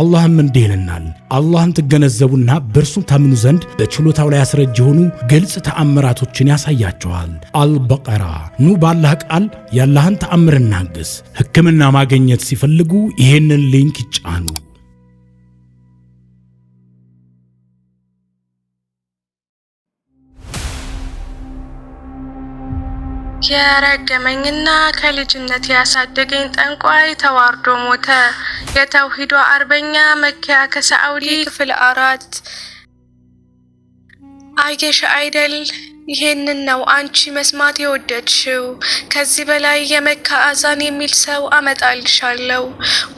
አላህም እንዲህ ይለናል፣ አላህን ትገነዘቡና በእርሱ ታምኑ ዘንድ በችሎታው ላይ አስረጅ የሆኑ ግልጽ ተአምራቶችን ያሳያቸዋል። አልበቀራ ኑ ባላህ ቃል ያላህን ተአምር እናግስ። ሕክምና ማግኘት ሲፈልጉ ይሄንን ሊንክ ይጫኑ። የረገመኝና ከልጅነት ያሳደገኝ ጠንቋይ ተዋርዶ ሞተ። የተውሂዶ አርበኛ መኪያ ከሳዑዲ ክፍል አራት አየሽ አይደል ይሄንን ነው አንቺ መስማት የወደድሽው። ከዚህ በላይ የመካ አዛን የሚል ሰው አመጣልሻለሁ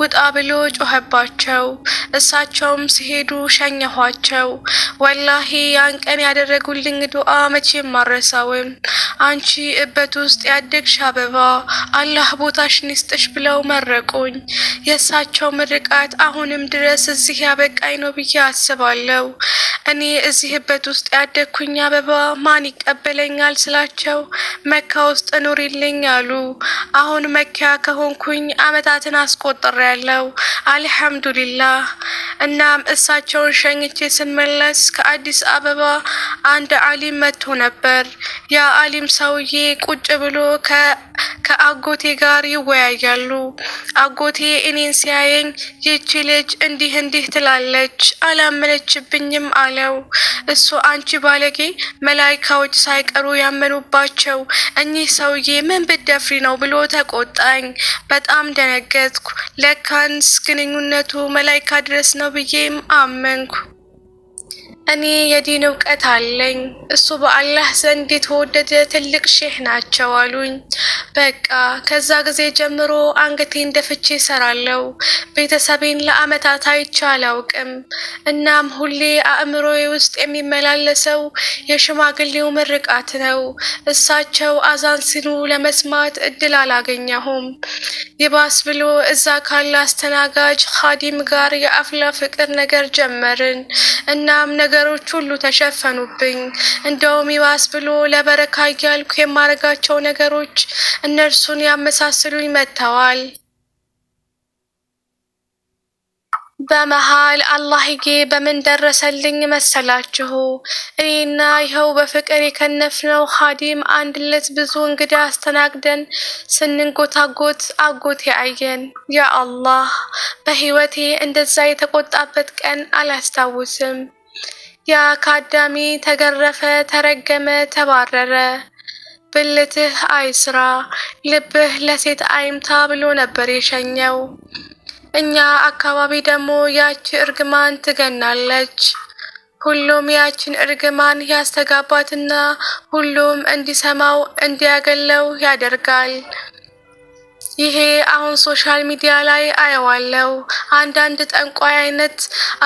ውጣ ብሎ ጮኸባቸው። እሳቸውም ሲሄዱ ሸኘኋቸው። ወላሂ ያን ቀን ያደረጉልኝ ዱዓ መቼም አረሳውም። አንቺ እበት ውስጥ ያደግሽ አበባ አላህ ቦታሽን ይስጥሽ ብለው መረቁኝ። የእሳቸው ምርቃት አሁንም ድረስ እዚህ ያበቃኝ ነው ብዬ አስባለሁ። እኔ እዚህ ህበት ውስጥ ያደግኩኝ አበባ ማን ይቀበለኛል ስላቸው መካ ውስጥ ኑሪልኝ አሉ። አሁን መካ ከሆንኩኝ አመታትን አስቆጠር ያለው አልሐምዱሊላህ። እናም እሳቸውን ሸኝቼ ስንመለስ ከአዲስ አበባ አንድ አሊም መጥቶ ነበር። ያ አሊም ሰውዬ ቁጭ ብሎ ከ ከአጎቴ ጋር ይወያያሉ። አጎቴ እኔን ሲያየኝ ይቺ ልጅ እንዲህ እንዲህ ትላለች፣ አላመነችብኝም አለው። እሱ አንቺ ባለጌ፣ መላይካዎች ሳይቀሩ ያመኑባቸው እኚህ ሰውዬ ምን ብደፍሪ ነው ብሎ ተቆጣኝ። በጣም ደነገጥኩ። ለካንስ ግንኙነቱ መላይካ ድረስ ነው ብዬም አመንኩ። እኔ የዲን እውቀት አለኝ፣ እሱ በአላህ ዘንድ የተወደደ ትልቅ ሼህ ናቸው አሉኝ። በቃ ከዛ ጊዜ ጀምሮ አንገቴን ደፍቼ እሰራለሁ። ቤተሰቤን ለአመታት አይቼ አላውቅም። እናም ሁሌ አእምሮዬ ውስጥ የሚመላለሰው የሽማግሌው ምርቃት ነው። እሳቸው አዛን ሲሉ ለመስማት እድል አላገኘሁም። ይባስ ብሎ እዛ ካለ አስተናጋጅ ኻዲም ጋር የአፍላ ፍቅር ነገር ጀመርን። እናም ነገር ነገሮች ሁሉ ተሸፈኑብኝ። እንደውም ይባስ ብሎ ለበረካ እያልኩ የማረጋቸው ነገሮች እነርሱን ያመሳስሉኝ መጥተዋል። በመሃል አላህዬ በምን ደረሰልኝ መሰላችሁ? እኔና ይኸው በፍቅር የከነፍነው ሀዲም አንድ ለት ብዙ እንግዳ አስተናግደን ስንንጎታጎት አጎት ያየን ያ አላህ በህይወቴ እንደዛ የተቆጣበት ቀን አላስታውስም። የአካዳሚ ተገረፈ፣ ተረገመ፣ ተባረረ። ብልትህ አይስራ፣ ልብህ ለሴት አይምታ ብሎ ነበር የሸኘው። እኛ አካባቢ ደግሞ ያቺ እርግማን ትገናለች። ሁሉም ያችን እርግማን ያስተጋባትና ሁሉም እንዲሰማው እንዲያገለው ያደርጋል። ይሄ አሁን ሶሻል ሚዲያ ላይ አየዋለው። አንዳንድ ጠንቋይ አይነት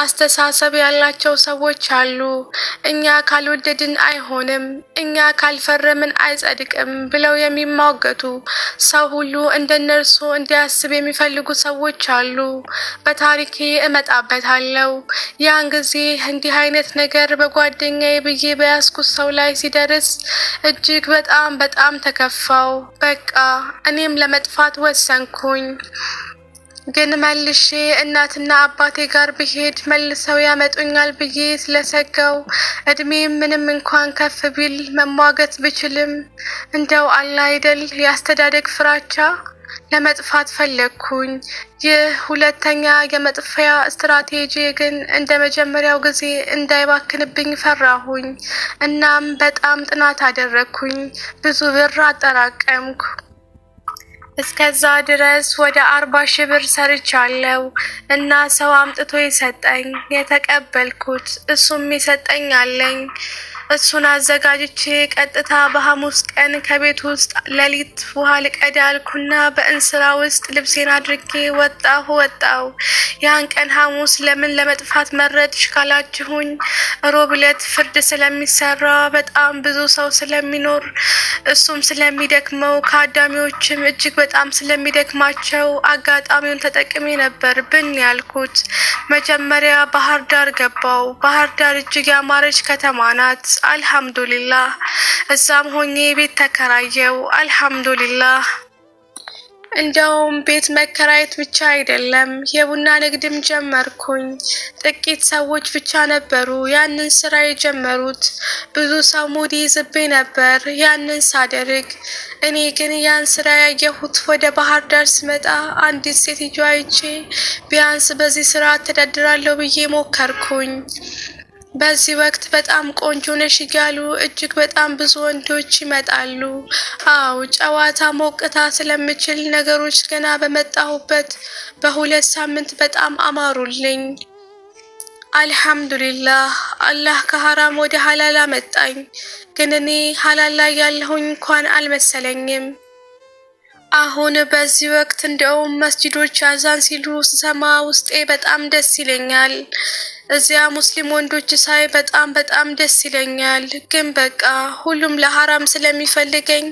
አስተሳሰብ ያላቸው ሰዎች አሉ። እኛ ካልወደድን አይሆንም፣ እኛ ካልፈረምን አይጸድቅም ብለው የሚሟገቱ ሰው ሁሉ እንደነርሱ እንዲያስብ የሚፈልጉ ሰዎች አሉ። በታሪኬ እመጣበታለው። ያን ጊዜ እንዲህ አይነት ነገር በጓደኛዬ ብዬ በያዝኩት ሰው ላይ ሲደርስ እጅግ በጣም በጣም ተከፋው። በቃ እኔም ለመጥፋት ወሰንኩኝ። ግን መልሼ እናትና አባቴ ጋር ብሄድ መልሰው ያመጡኛል ብዬ ስለሰጋው እድሜም ምንም እንኳን ከፍ ቢል መሟገት ብችልም እንደው አለ አይደል ያስተዳደግ ፍራቻ ለመጥፋት ፈለግኩኝ። ይህ ሁለተኛ የመጥፊያ ስትራቴጂ ግን እንደ መጀመሪያው ጊዜ እንዳይባክንብኝ ፈራሁኝ። እናም በጣም ጥናት አደረግኩኝ። ብዙ ብር አጠራቀምኩ። እስከዛ ድረስ ወደ አርባ ሺህ ብር ሰርቻለሁ እና ሰው አምጥቶ የሰጠኝ የተቀበልኩት እሱም የሰጠኝ አለኝ። እሱን አዘጋጅቼ ቀጥታ በሐሙስ ቀን ከቤት ውስጥ ሌሊት ውሃ ልቀድ አልኩና በእንስራ ውስጥ ልብሴን አድርጌ ወጣሁ ወጣሁ። ያን ቀን ሐሙስ ለምን ለመጥፋት መረጥሽ ካላችሁኝ፣ ሮብ ዕለት ፍርድ ስለሚሰራ በጣም ብዙ ሰው ስለሚኖር እሱም ስለሚደክመው ከአዳሚዎችም እጅግ በጣም ስለሚደክማቸው አጋጣሚውን ተጠቅሜ ነበር ብን ያልኩት። መጀመሪያ ባህር ዳር ገባው። ባህር ዳር እጅግ ያማረች ከተማ ናት። አልሐምዱሊላህ። እዛም ሆኜ ቤት ተከራየው አልሐምዱሊላህ። እንደውም ቤት መከራየት ብቻ አይደለም፣ የቡና ንግድም ጀመርኩኝ። ጥቂት ሰዎች ብቻ ነበሩ ያንን ስራ የጀመሩት። ብዙ ሰው ሙድ ይዝቤ ነበር ያንን ሳደርግ። እኔ ግን ያን ስራ ያየሁት ወደ ባህር ዳር ስመጣ አንዲት ሴትዮ አይቼ ቢያንስ በዚህ ስራ ተዳድራለሁ ብዬ ሞከርኩኝ። በዚህ ወቅት በጣም ቆንጆ ነሽ እያሉ እጅግ በጣም ብዙ ወንዶች ይመጣሉ። አዎ ጨዋታ ሞቅታ ስለምችል ነገሮች ገና በመጣሁበት በሁለት ሳምንት በጣም አማሩልኝ። አልሐምዱሊላህ አላህ ከሐራም ወደ ሀላል አመጣኝ። ግን እኔ ሐላል ላይ ያለሁኝ እንኳን አልመሰለኝም። አሁን በዚህ ወቅት እንደውም መስጂዶች አዛን ሲሉ ስሰማ ውስጤ በጣም ደስ ይለኛል። እዚያ ሙስሊም ወንዶች ሳይ በጣም በጣም ደስ ይለኛል። ግን በቃ ሁሉም ለሀራም ስለሚፈልገኝ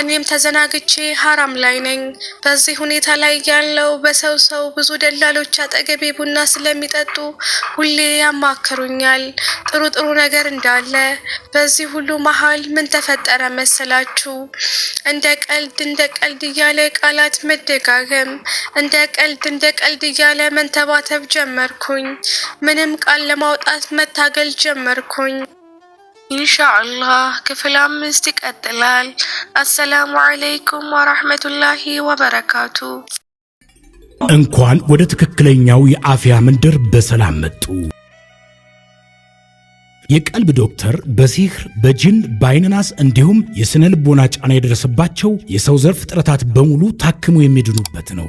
እኔም ተዘናግቼ ሀራም ላይ ነኝ። በዚህ ሁኔታ ላይ ያለው በሰው ሰው ብዙ ደላሎች አጠገቤ ቡና ስለሚጠጡ ሁሌ ያማክሩኛል ጥሩ ጥሩ ነገር እንዳለ። በዚህ ሁሉ መሀል ምን ተፈጠረ መሰላችሁ? እንደ ቀልድ እንደ ቀልድ እያለ ቃላት መደጋገም፣ እንደ ቀልድ እንደ ቀልድ እያለ መንተባተብ ጀመርኩኝ። ምንም ይህንንም ቃል ለማውጣት መታገል ጀመርኩኝ። ኢንሻአላህ ክፍል አምስት ይቀጥላል። አሰላሙ አለይኩም ወራህመቱላሂ ወበረካቱ። እንኳን ወደ ትክክለኛው የአፍያ መንደር በሰላም መጡ። የቀልብ ዶክተር በሲህር በጅን በአይነናስ እንዲሁም የስነ ልቦና ጫና የደረሰባቸው የሰው ዘር ፍጥረታት በሙሉ ታክሞ የሚድኑበት ነው።